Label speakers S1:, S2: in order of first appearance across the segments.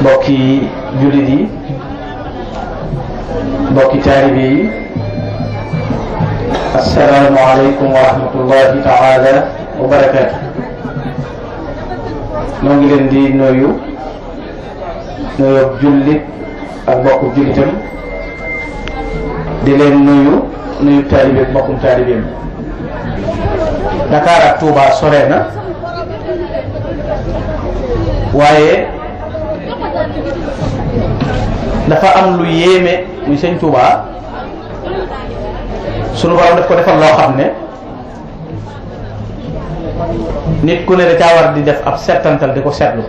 S1: mbokki jullit yi mbokki taalibe yi assalaamu aleykum wa rahmatullahi taala wa barakaatu noo ngi leen di nuyu nuyu jullit ak mbokku jullitam di leen nuyu nuyu taalibe mbokkum taalibeem Dakar ak Touba sore na waaye dafa am lu yéeme muy sëñ Touba sunu borom daf ko defal loo xam ne nit ku ne da caa di def ab settantal di ko seetlu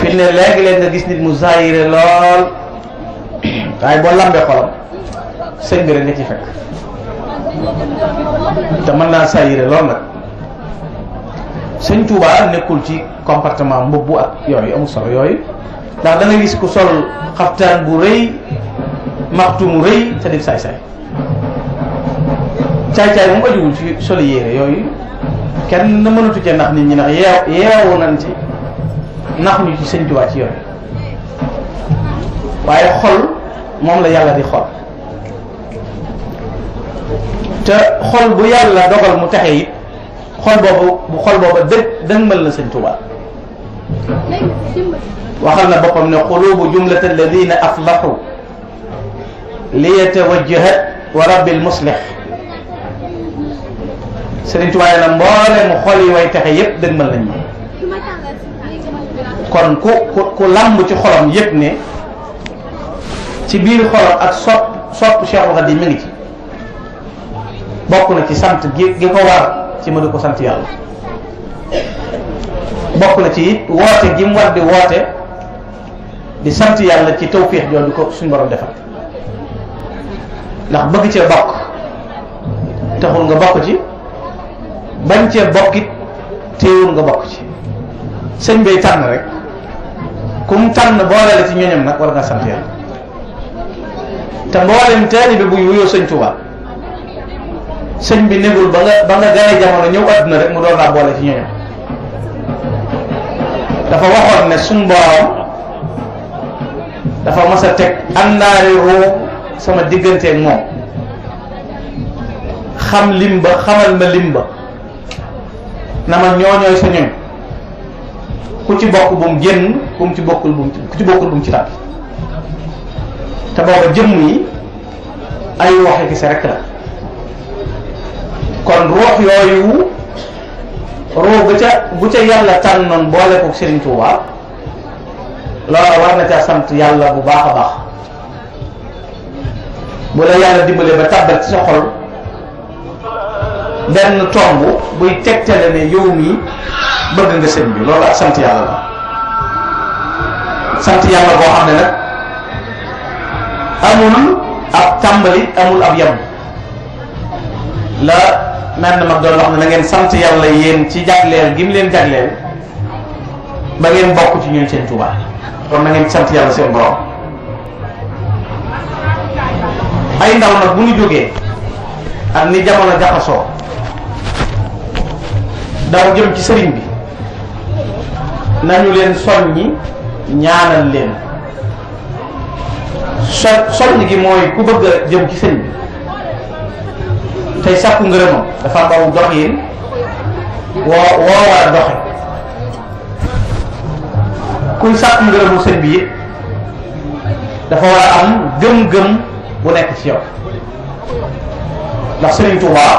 S1: fi ne léegi nga gis nit mu zaayire lool waaye boo lambee xolam sëñ nga ci fekk te mën naa zaayire lool nag. sëñ Touba nekkul ci comportement mbubb ak yooyu amul solo yooyu ndax da ngay gis ku sol xaftaan bu rëy maxtu mu rëy te def saay-saay caay-caay moom ajuwul ci soli yére yooyu kenn na mënatu ci ndax nit ñi ndax yeew yeewu ci nax ci sëñ yooyu waaye xol moom la yàlla di xol te xol bu yàlla dogal mu texe it xol booba dëgg dëgmal na sëñ Tuubaa waxal na boppam ne qulubu jumlat alladina aflaxu liyatawajjaha wa rabbil muslih sëriñ Tuubaa nee na mboolem xol yi way texe yépp dëgmal nañ ma kon ku ku ku làmb ci xolam yépp ne ci biir xolam ak sopp sopp Cheikhul Khadim mi ngi ci bokk na ci sant gi gi ko war ci ma di ko sant yàlla bokk na ci it woote gi war di woote di sant yàlla ci tawfiix jooju ko suñ borom defal ndax bëgg cee bokk taxul nga bokk ci bañ cee bokk it téewul nga bokk ci sëñ bay tànn rek kum tànn boolele ci ñoñam nag war nga sant yàlla te mboolem taalibe buy wuyoo sëñ Tuubaa sëñ bi négul ba nga ba nga gane jamono ñëw àdduna rek mu doon laa ci ñooñu dafa waxoon ne suñ borom dafa mas a teg àndaari ruux sama digganteeg moom xam lim ba xamal ma lim ba na ma ñooñooy sa ñoñ ku ci bokk bu mu génn ci bokkul bu mu ci ku ci bokkul bu mu ci tàbbi te booba jëmm yi ay waxe ki sa la kon ruux yooyu ruux bu ca bu ca yàlla boole ko Serigne Touba loola war na caa sant yàlla bu baax a baax bu la yàlla dimbalee ba tàbbal ci sa benn tomb buy tegtale ne yow mii bëgg nga sëñ bi loolu ak sant yàlla la sant yàlla boo amul ab tàmbali amul ab yem. la mel na mag doon wax ne na ngeen sant yàlla yéen ci jagleel gi mu leen jagleel ba ngeen bokk ci ñooñ seen Tuubaa kon na ngeen yàlla seen borom ay ndaw nag bu ñu jógee ak ni jamono jaxasoo daw jëm ci sëriñ bi nañu leen soññi ñaanal leen so soññ gi mooy ku bëgg jëm ci sëriñ bi tey sàkku ngërëmam dafa am aw doxin woo woo ngërëmu sëñ bi dafa war a am gëm-gëm bu nekk ci yow ndax Sëriñ Tuubaa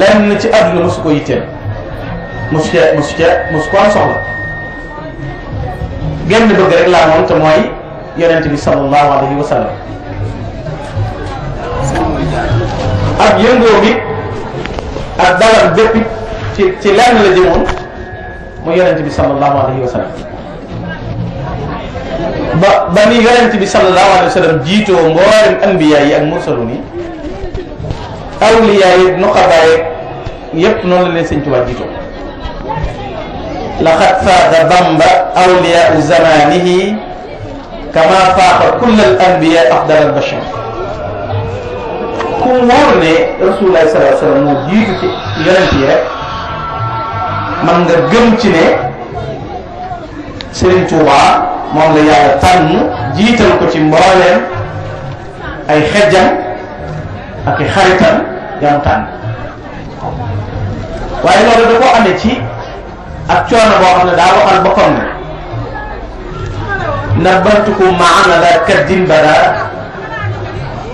S1: lenn ci àdduna mosu ko yitteel mosu ca mosu ca mosu ko am soxla genn bëgg rek laa moom te mooy yonent bi sallallahu alayhi wa ak yëngoo bi ak dalal bépp ci ci lenn la jëmoon mu yonent bi salallahu alayhi wa sallam ba ba ni yonent bi salallahu alayhi wa sallam jiitoo mboolem anbiya yi ak mursalun yi awliya yi nuqaba yeeg yépp noonu la leen sëñ tubaa jiitoo laqad faaqa bamba awliya zamanihi كما faaqa كل الأنبياء أفضل البشر ku wóor ne rasulullahi sallallahu alayhi wa jiitu ci yonent yi man nga gëm ci ne Serigne Touba moom la yàlla tànn jiital ko ci mbooleem ay xejjam ak i yam tànn waaye loolu da ci ak coono boo xam daa waxal boppam ne ndax bantuku maana la kaddin bada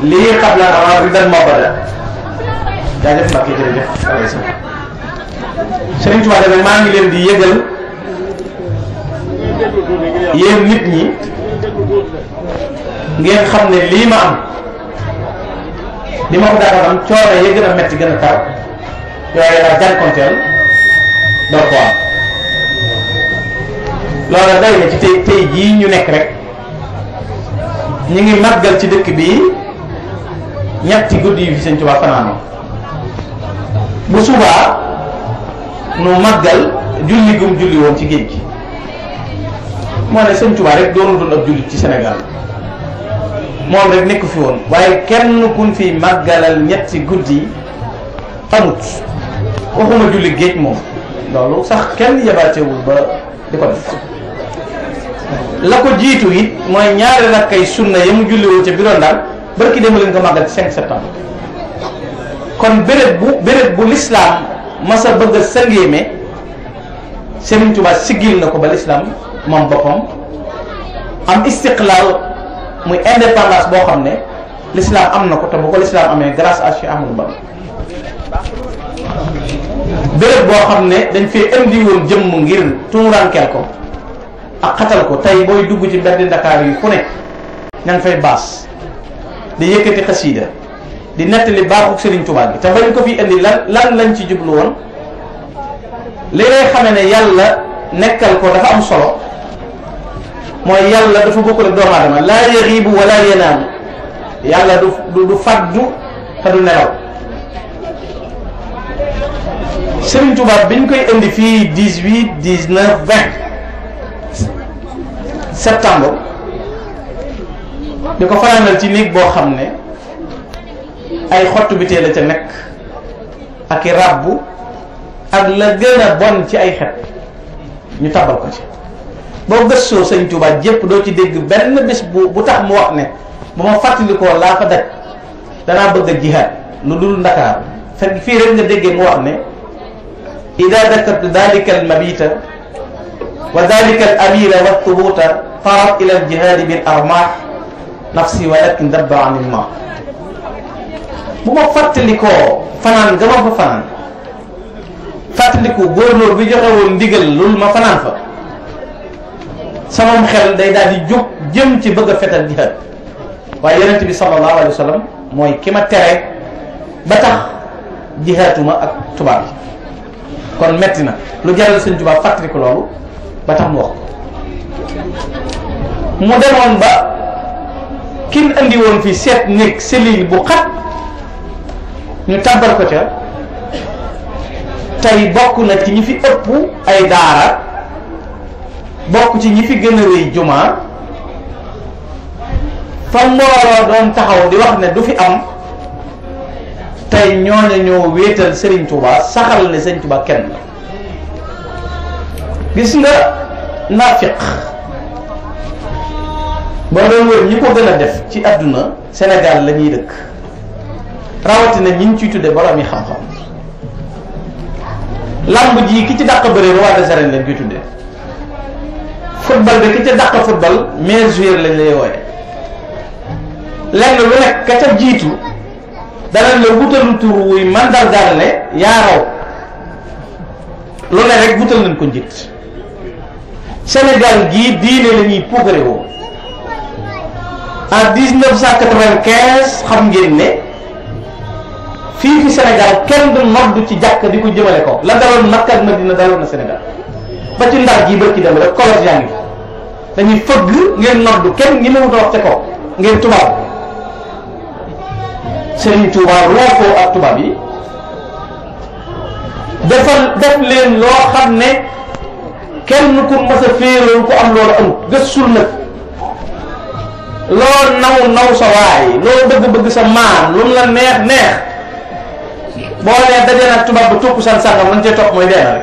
S1: lii xam naa xamaa dal moo ko dal jaajëf Mbacke jërëjëf Serigne Touba nag maa ngi leen di yëgal yéen nit ñi ngeen xam ne lii ma am li ma ko daan am coono yi gën a metti gën a tar yooyu laa jànkonteel door ko am loolu day na ci tey tey jii ñu nekk rek ñu ngi màggal ci dëkk bii ñetti guddi yu fi sëñ Tuubaa fanaanoo bu subaa nu màggal julli gum julli woon ci géej gi moo ne sëñ Tuubaa ci Sénégal moom rek nekk fi woon waaye kenn kun fi màggalal ñetti guddi amut waxuma julli géej moom loolu sax kenn yabaatewul ba di ko def la ko jiitu it mooy ñaari rakkay sunna ya mu julli woon ca biroon daal barki démb lañ ko màggal 5 septembre kon béréb bu béréb bu lislaam masa bëgg a sëngéeme Serigne Touba siggil na ko ba lislaam moom boppam am istiqlaal muy indépendance boo xam ne lislaam am na ko te bu ko lislaam amee grâce à Cheikh Ahmadou Bamba béréb boo xam ne dañ fee indi woon jëmm ngir tuuraankel ko ak xatal ko tey booy dugg ci mbedd Ndakaar yi fu ne ña fay baas di yëkkati xasiida di nettali baaxu Serigne Touba bi te bañ ko fi indi lan lan lañ ci jublu woon li lay xamee ne yàlla nekkal ko dafa am solo mooy yàlla dafa bokkul ak doomu aadama laa yaxiibu wala yanaamu yàlla du du faddu te du nelaw Serigne Touba biñ koy indi fii dix huit dix neuf vingt septembre. di ko fanaanal ci néeg boo xam ne ay xottu bitee la ca nekk ak i ràbbu ak la gën a bon ci ay xet ñu tabal ko ci boo gëstoo sëñ Tuubaa jépp doo ci dégg benn bés bu bu tax mu wax ne bu ma fàttalikoo laa fa daj danaa bëgg a jihaad lu dul Ndakaar fekk fii rek nga déggee mu wax ne ida dakartu dalika al mabita wa dalika al wa thubuta farat ila al jihaadi armaax nafsi walakin dabba anil ma bu ma fàttalikoo fanaan gama fa fanaan fàttaliku góornóor bi joxe woon ndigal loolu ma fanaan fa samam xel day daal di jóg jëm ci bëgg fetal jihaad waaye yonent bi sallallahu alayhi mooy ki ma tere ba tax jihaatuma ak tubaab yi kon metti na lu jaral sëñ jubaa fàttaliku loolu ba tax mu wax ko mu demoon ba kin andi woon fi seet nekk selil bu xat ñu tàbbal ko ca tey bokk na ci ñi fi ëpp ay daara bokk ci ñi fi gën a rëy jumaa fa mbooloo doon taxaw di wax ne du fi am tey ñooña ñoo wéetal Serigne Touba saxal ne Serigne Touba kenn la gis nga naafiq ba doon wër ñi ko gën a def ci àdduna Sénégal la ñuy dëkk rawatina ñi ñu ciy tudde borom yi xam-xam lamb ji ki ci dàq bëree roi des arènes lañ koy tuddee football bi ki ci dàq football meilleur joueur lañ lenn lu nekk ka ca jiitu danañ la wutalu tur wuy mandargaal ne yaa raw lu ne rek wutal nañ ko njiit Sénégal gii diine la puukarewoo en 1995 xam ngeen ne fii fi senegal kenn du noddu ci jàkk di ko jëmale ko la daloon Makka ak Madina daloon na Sénégal ba ci Ndar jii bërki dem rek collège yaa ngi dañuy fëgg ngeen noddu kenn ngi mënut a wax ca kaw ngeen tubaab Serigne Touba loo ko tubaab yi defal def leen loo xam ne kenn ku mës a féeroon ku am loolu nag loo naw naw sa loo bëgg-bëgg sa maam lu mu la neex neex boo nee daje nag tubaab bu tukku san sangam lañ cay topp mooy benn